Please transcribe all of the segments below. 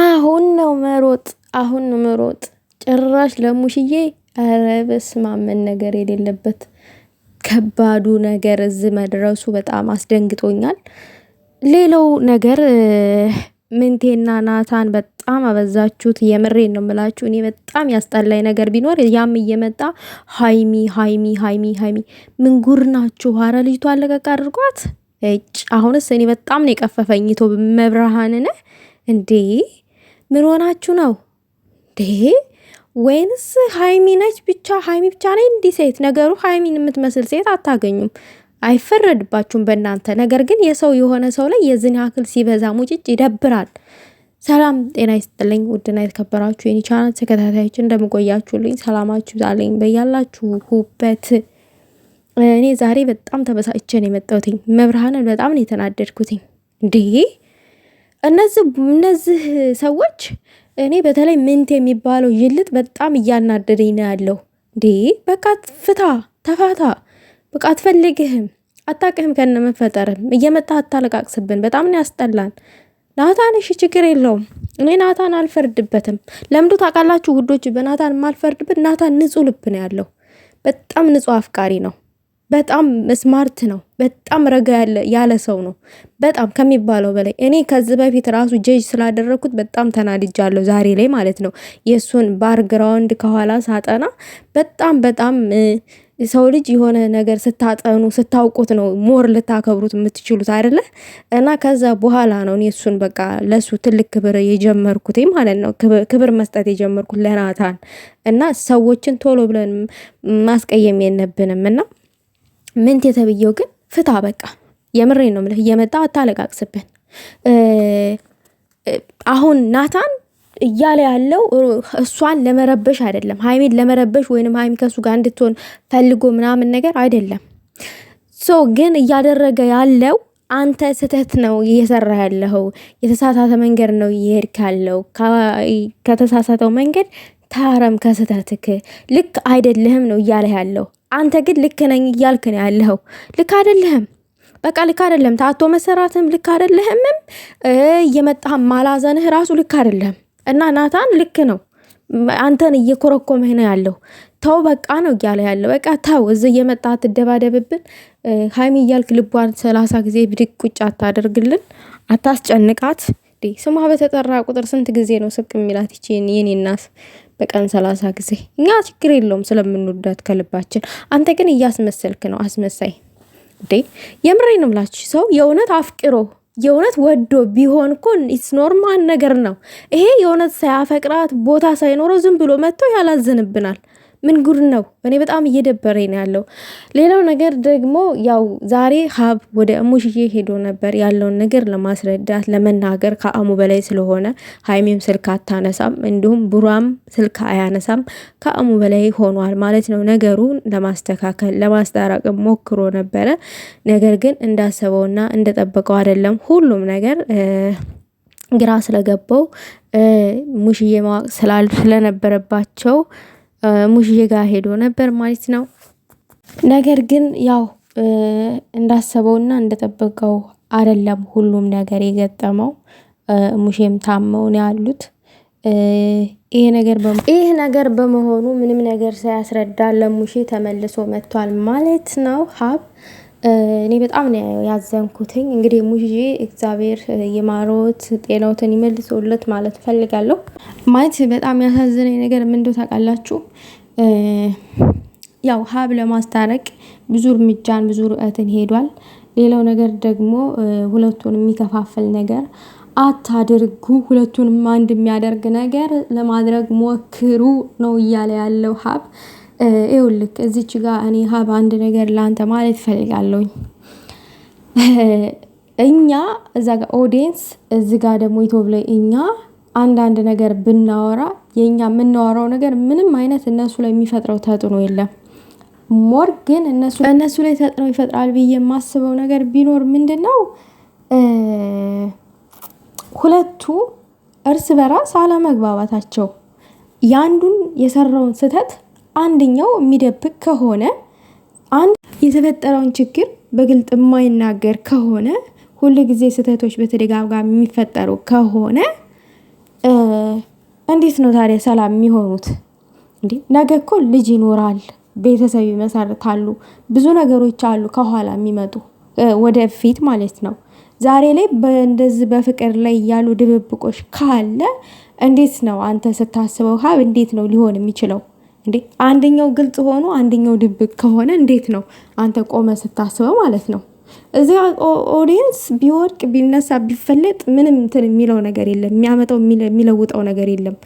አሁን ነው መሮጥ፣ አሁን ነው መሮጥ። ጭራሽ ለሙሽዬ ኧረ በስመ አብ መነገር የሌለበት ከባዱ ነገር እዚህ መድረሱ በጣም አስደንግጦኛል። ሌላው ነገር ምንቴና ናታን በጣም አበዛችሁት። የምሬን ነው የምላችሁ። እኔ በጣም ያስጠላኝ ነገር ቢኖር ያም እየመጣ ሀይሚ ሀይሚ ሀይሚ ሀይሚ ምንጉር ናችሁ? ኧረ ልጅቱ አለቀቅ አድርጓት። እጭ። አሁንስ እኔ በጣም ነው የቀፈፈኝ። ቶ መብርሃንን እንዴ ምን ሆናችሁ ነው ዴ ወይንስ ሀይሚ ነች ብቻ? ሀይሚ ብቻ ነ እንዲህ ሴት ነገሩ ሀይሚን የምትመስል ሴት አታገኙም። አይፈረድባችሁም በእናንተ ነገር ግን የሰው የሆነ ሰው ላይ የዝን ያክል ሲበዛ ሙጭጭ ይደብራል። ሰላም ጤና ይስጥልኝ። ውድና የተከበራችሁ የኔ ቻናል ተከታታዮች እንደምቆያችሁልኝ ሰላማችሁ ዛለኝ በያላችሁበት። እኔ ዛሬ በጣም ተበሳጭቼ ነው የመጣሁትኝ። መብርሃንን በጣም ነው የተናደድኩትኝ እንዴ እነዚህ እነዚህ ሰዎች እኔ በተለይ ምንት የሚባለው ይልጥ በጣም እያናደደኝ ነው ያለው። እንዴ በቃ ፍታ፣ ተፋታ፣ በቃ አትፈልግህም፣ አታቅህም፣ ከነ መፈጠርም እየመጣ አታለቃቅስብን። በጣም ነው ያስጠላን። ናታን እሺ፣ ችግር የለውም እኔ ናታን አልፈርድበትም። ለምዶ ታውቃላችሁ ውዶች፣ በናታን የማልፈርድበት ናታን ንጹሕ ልብ ነው ያለው። በጣም ንጹህ አፍቃሪ ነው። በጣም ስማርት ነው። በጣም ረጋ ያለ ሰው ነው። በጣም ከሚባለው በላይ እኔ ከዚህ በፊት ራሱ ጀጅ ስላደረግኩት በጣም ተናድጃለሁ። ዛሬ ላይ ማለት ነው የእሱን ባርግራውንድ ከኋላ ሳጠና በጣም በጣም ሰው ልጅ የሆነ ነገር ስታጠኑ ስታውቁት ነው ሞር ልታከብሩት የምትችሉት አይደለ? እና ከዛ በኋላ ነው እሱን በቃ ለሱ ትልቅ ክብር የጀመርኩት ማለት ነው። ክብር መስጠት የጀመርኩት ለናታን እና ሰዎችን ቶሎ ብለን ማስቀየም የለብንም እና ምንት የተብየው ግን ፍታ በቃ የምሬ ነው ምልህ እየመጣ አታለቃቅስብን። አሁን ናታን እያለ ያለው እሷን ለመረበሽ አይደለም፣ ሀይሜን ለመረበሽ ወይንም ሀይሚ ከሱ ጋር እንድትሆን ፈልጎ ምናምን ነገር አይደለም። ሶ ግን እያደረገ ያለው አንተ ስህተት ነው እየሰራ ያለው፣ የተሳሳተ መንገድ ነው እየሄድክ ያለው። ከተሳሳተው መንገድ ታረም ከስህተትክ፣ ልክ አይደለህም ነው እያለ ያለው። አንተ ግን ልክ ነኝ እያልክ ነው ያለኸው። ልክ አይደለህም። በቃ ልክ አይደለህም። ታቶ መሰራትም ልክ አይደለህምም። እየመጣህ ማላዘንህ ራሱ ልክ አይደለህም። እና ናታን ልክ ነው። አንተን እየኮረኮመህ ነው ያለው። ተው በቃ ነው እያለ ያለው። በቃ ተው፣ እዚ እየመጣ አትደባደብብን ሀይሚ እያልክ ልቧን ሰላሳ ጊዜ ብድቅ ቁጭ አታደርግልን፣ አታስጨንቃት። እንዴ? ስሟ በተጠራ ቁጥር ስንት ጊዜ ነው ስቅ የሚላት ይችን የኔ እናት? በቀን ሰላሳ ጊዜ። እኛ ችግር የለውም ስለምንወዳት ከልባችን። አንተ ግን እያስመሰልክ ነው፣ አስመሳይ እንዴ! የምሬ ነው ምላች ሰው የእውነት አፍቅሮ የእውነት ወዶ ቢሆን እኮ ኢትስ ኖርማል ነገር ነው። ይሄ የእውነት ሳያፈቅራት ቦታ ሳይኖረው ዝም ብሎ መጥቶ ያላዝንብናል። ምን ጉድ ነው? እኔ በጣም እየደበረኝ ነው ያለው። ሌላው ነገር ደግሞ ያው ዛሬ ሀብ ወደ እሙሽዬ ሄዶ ነበር ያለውን ነገር ለማስረዳት ለመናገር ከአሙ በላይ ስለሆነ ሀይሜም ስልክ አታነሳም፣ እንዲሁም ቡራም ስልክ አያነሳም። ከአሙ በላይ ሆኗል ማለት ነው። ነገሩን ለማስተካከል ለማስታረቅም ሞክሮ ነበረ። ነገር ግን እንዳሰበውና እንደጠበቀው አይደለም ሁሉም ነገር ግራ ስለገባው ሙሽዬ ማወቅ ስላል ስለነበረባቸው ሙሽዬ ጋር ሄዶ ነበር ማለት ነው። ነገር ግን ያው እንዳሰበውና እንደጠበቀው አደለም ሁሉም ነገር የገጠመው። ሙሼም ታመው ነው ያሉት። ይሄ ነገር ይህ ነገር በመሆኑ ምንም ነገር ሳያስረዳ ለሙሼ ተመልሶ መጥቷል ማለት ነው ሀብ እኔ በጣም ነው ያዘንኩትኝ። እንግዲህ ሙዤ እግዚአብሔር የማሮት ጤናውትን ይመልሶለት ማለት እፈልጋለሁ። ማለት በጣም ያሳዝነኝ ነገር ምንዶ ታውቃላችሁ፣ ያው ሀብ ለማስታረቅ ብዙ እርምጃን ብዙ ርዕትን ሄዷል። ሌላው ነገር ደግሞ ሁለቱን የሚከፋፍል ነገር አታድርጉ፣ ሁለቱንም አንድ የሚያደርግ ነገር ለማድረግ ሞክሩ ነው እያለ ያለው ሀብ ይኸውልህ እዚች ጋር እኔ ሀብ አንድ ነገር ለአንተ ማለት እፈልጋለሁኝ። እኛ እዛ ጋር ኦዲየንስ እዚ ጋር ደግሞ ዩቱብ ላይ እኛ አንዳንድ ነገር ብናወራ የእኛ የምናወራው ነገር ምንም አይነት እነሱ ላይ የሚፈጥረው ተጽዕኖ የለም። ሞር ግን እነሱ ላይ ተጽዕኖ ይፈጥራል ብዬ የማስበው ነገር ቢኖር ምንድን ነው ሁለቱ እርስ በራስ አለመግባባታቸው የአንዱን የሰራውን ስህተት አንደኛው የሚደብቅ ከሆነ አንድ የተፈጠረውን ችግር በግልጥ የማይናገር ከሆነ ሁል ጊዜ ስህተቶች በተደጋጋሚ የሚፈጠሩ ከሆነ እንዴት ነው ታዲያ ሰላም የሚሆኑት? እንዴ ነገ እኮ ልጅ ይኖራል፣ ቤተሰብ ይመሰርታሉ፣ ብዙ ነገሮች አሉ ከኋላ የሚመጡ ወደፊት ማለት ነው። ዛሬ ላይ እንደዚህ በፍቅር ላይ እያሉ ድብብቆች ካለ እንዴት ነው አንተ ስታስበው ሀብ እንዴት ነው ሊሆን የሚችለው? እንዴ አንደኛው ግልጽ ሆኖ አንደኛው ድብቅ ከሆነ እንዴት ነው አንተ ቆመ ስታስበው ማለት ነው። እዚያ ኦዲየንስ ቢወድቅ ቢነሳ ቢፈለጥ ምንም እንትን የሚለው ነገር የለም፣ የሚያመጣው የሚለውጠው ነገር የለም።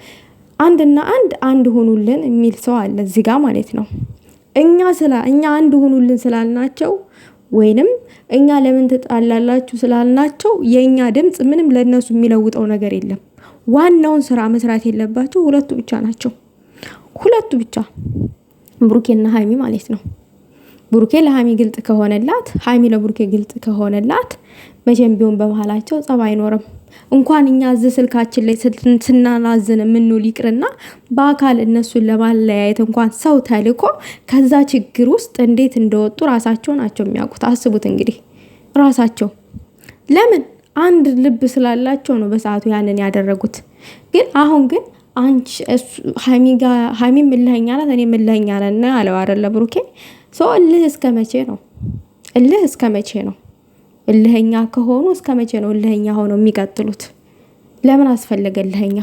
አንድና አንድ አንድ ሆኑልን የሚል ሰው አለ እዚህ ማለት ነው። እኛ ስላ እኛ አንድ ሆኑልን ስላልናቸው ወይንም እኛ ለምን ትጣላላችሁ ስላልናቸው የእኛ ድምፅ ምንም ለእነሱ የሚለውጠው ነገር የለም። ዋናውን ስራ መስራት የለባቸው ሁለቱ ብቻ ናቸው። ሁለቱ ብቻ ብሩኬና ሀይሚ ማለት ነው። ብሩኬ ለሀሚ ግልጥ ከሆነላት፣ ሀይሚ ለብሩኬ ግልጥ ከሆነላት መቼም ቢሆን በመሀላቸው ጸብ አይኖርም። እንኳን እኛ እዚህ ስልካችን ላይ ስናናዝን የምንውል ይቅርና በአካል እነሱን ለማለያየት እንኳን ሰው ተልኮ ከዛ ችግር ውስጥ እንዴት እንደወጡ ራሳቸው ናቸው የሚያውቁት። አስቡት እንግዲህ ራሳቸው ለምን አንድ ልብ ስላላቸው ነው በሰዓቱ ያንን ያደረጉት። ግን አሁን ግን አንቺ እሱ ሀሚ ጋር ናት እኔ ምልኸኛ ነን አለው አደለ ብሩኬ። ሰው እልህ እስከ መቼ ነው? እልህ እስከ መቼ ነው? እልህኛ ከሆኑ እስከ መቼ ነው እልህኛ ሆነው የሚቀጥሉት? ለምን አስፈለገ እልህኛ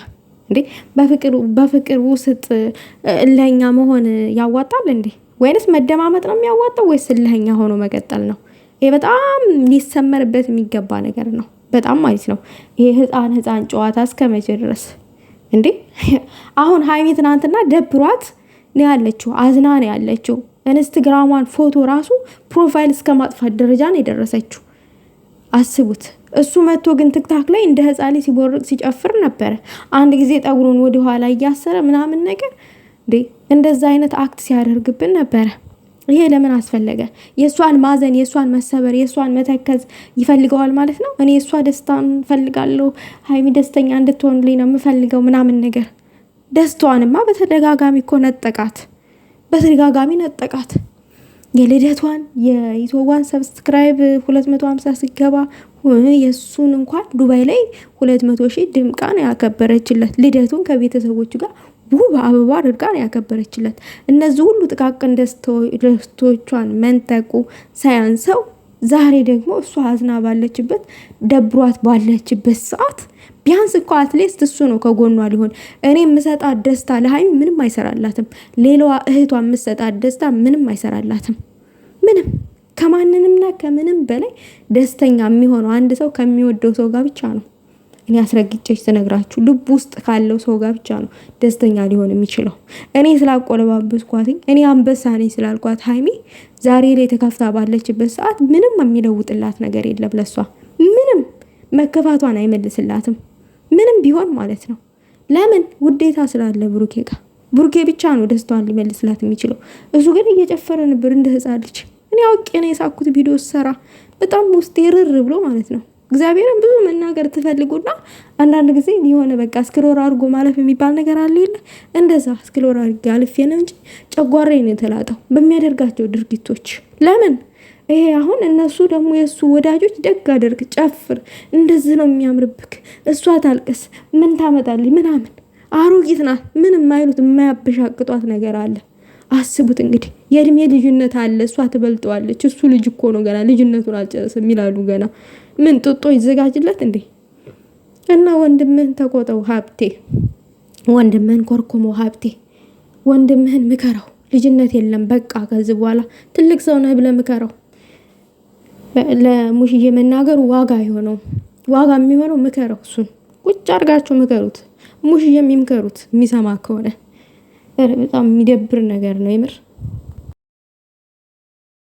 እንዴ በፍቅር ውስጥ እልህኛ መሆን ያዋጣል እንዴ? ወይንስ መደማመጥ ነው የሚያዋጣው? ወይስ እልህኛ ሆኖ መቀጠል ነው? ይሄ በጣም ሊሰመርበት የሚገባ ነገር ነው። በጣም ማለት ነው ይሄ ህፃን ህፃን ጨዋታ እስከ መቼ ድረስ እንዴ አሁን ሀይሚ ትናንትና ደብሯት ነው ያለችው፣ አዝና ነው ያለችው። ኢንስትግራሟን ፎቶ ራሱ ፕሮፋይል እስከ ማጥፋት ደረጃ ነው የደረሰችው። አስቡት። እሱ መጥቶ ግን ትክታክ ላይ እንደ ህፃሌ ሲቦርቅ ሲጨፍር ነበረ። አንድ ጊዜ ጠጉሩን ወደኋላ እያሰረ ምናምን ነገር እንዴ! እንደዛ አይነት አክት ሲያደርግብን ነበረ። ይሄ ለምን አስፈለገ? የእሷን ማዘን፣ የእሷን መሰበር፣ የእሷን መተከዝ ይፈልገዋል ማለት ነው። እኔ የእሷ ደስታን ፈልጋለሁ፣ ሀይሚ ደስተኛ እንድትሆንልኝ ነው የምፈልገው ምናምን ነገር። ደስቷንማ በተደጋጋሚ እኮ ነጠቃት፣ በተደጋጋሚ ነጠቃት። የልደቷን የኢትዮዋን ሰብስክራይብ ሁለት መቶ ሀምሳ ሲገባ የእሱን እንኳን ዱባይ ላይ ሁለት መቶ ሺህ ድምቃ ነው ያከበረችለት ልደቱን ከቤተሰቦቹ ጋር ውብ አበባ አድርጋ ያከበረችለት። እነዚህ ሁሉ ጥቃቅን ደስቶቿን መንጠቁ ሳያንሰው ዛሬ ደግሞ እሷ አዝና ባለችበት ደብሯት ባለችበት ሰዓት ቢያንስ እኮ አትሌስት እሱ ነው ከጎኗ ሊሆን። እኔ የምሰጣት ደስታ ለሀይሚ ምንም አይሰራላትም። ሌላዋ እህቷ የምሰጣት ደስታ ምንም አይሰራላትም። ምንም ከማንንምና ከምንም በላይ ደስተኛ የሚሆነው አንድ ሰው ከሚወደው ሰው ጋር ብቻ ነው። እኔ አስረግጬች ስነግራችሁ ልብ ውስጥ ካለው ሰው ጋር ብቻ ነው ደስተኛ ሊሆን የሚችለው። እኔ ስላቆለባበስኳትኝ እኔ አንበሳ ነኝ ስላልኳት ሀይሚ ዛሬ ላይ ተከፍታ ባለችበት ሰዓት ምንም የሚለውጥላት ነገር የለም። ለሷ ምንም መከፋቷን አይመልስላትም፣ ምንም ቢሆን ማለት ነው። ለምን ውዴታ ስላለ ብሩኬ ጋር ቡርጌ ብቻ ነው ደስታዋን ሊመልስላት የሚችለው። እሱ ግን እየጨፈረ ነበር እንደ ሕፃን ልጅ። እኔ አውቄ ነው የሳኩት ቪዲዮ ሰራ በጣም ውስጤ ርር ብሎ ማለት ነው። እግዚአብሔርን ብዙ መናገር ትፈልጉና አንዳንድ ጊዜ የሆነ በቃ እስክሮር አድርጎ ማለፍ የሚባል ነገር አለ የለ እንደዛ እስክሮር አድርጌ አልፌ ነው እንጂ ጨጓሬ ነው የተላጠው በሚያደርጋቸው ድርጊቶች ለምን ይሄ አሁን እነሱ ደግሞ የእሱ ወዳጆች ደግ አደርግ፣ ጨፍር፣ እንደዚህ ነው የሚያምርብክ፣ እሷ ታልቅስ፣ ምን ታመጣል ምናምን አሮጊት ናት ምን የማይሉት የማያበሻቅጧት ነገር አለ። አስቡት እንግዲህ የእድሜ ልዩነት አለ። እሷ ትበልጠዋለች፣ እሱ ልጅ እኮ ነው ገና ልጅነቱን አልጨረሰም ይላሉ ገና ምን ጥጦ ይዘጋጅለት እንዴ? እና ወንድምህን ተቆጠው ሀብቴ፣ ወንድምህን ኮርኩመው ሀብቴ፣ ወንድምህን ምከረው። ልጅነት የለም በቃ ከዚህ በኋላ ትልቅ ሰው ነህ ብለህ ምከረው። ለሙሽዬ መናገሩ ዋጋ የሆነው ዋጋ የሚሆነው ምከረው። እሱን ቁጭ አድርጋችሁ ምከሩት፣ ሙሽዬ የሚምከሩት የሚሰማ ከሆነ በጣም የሚደብር ነገር ነው የምር።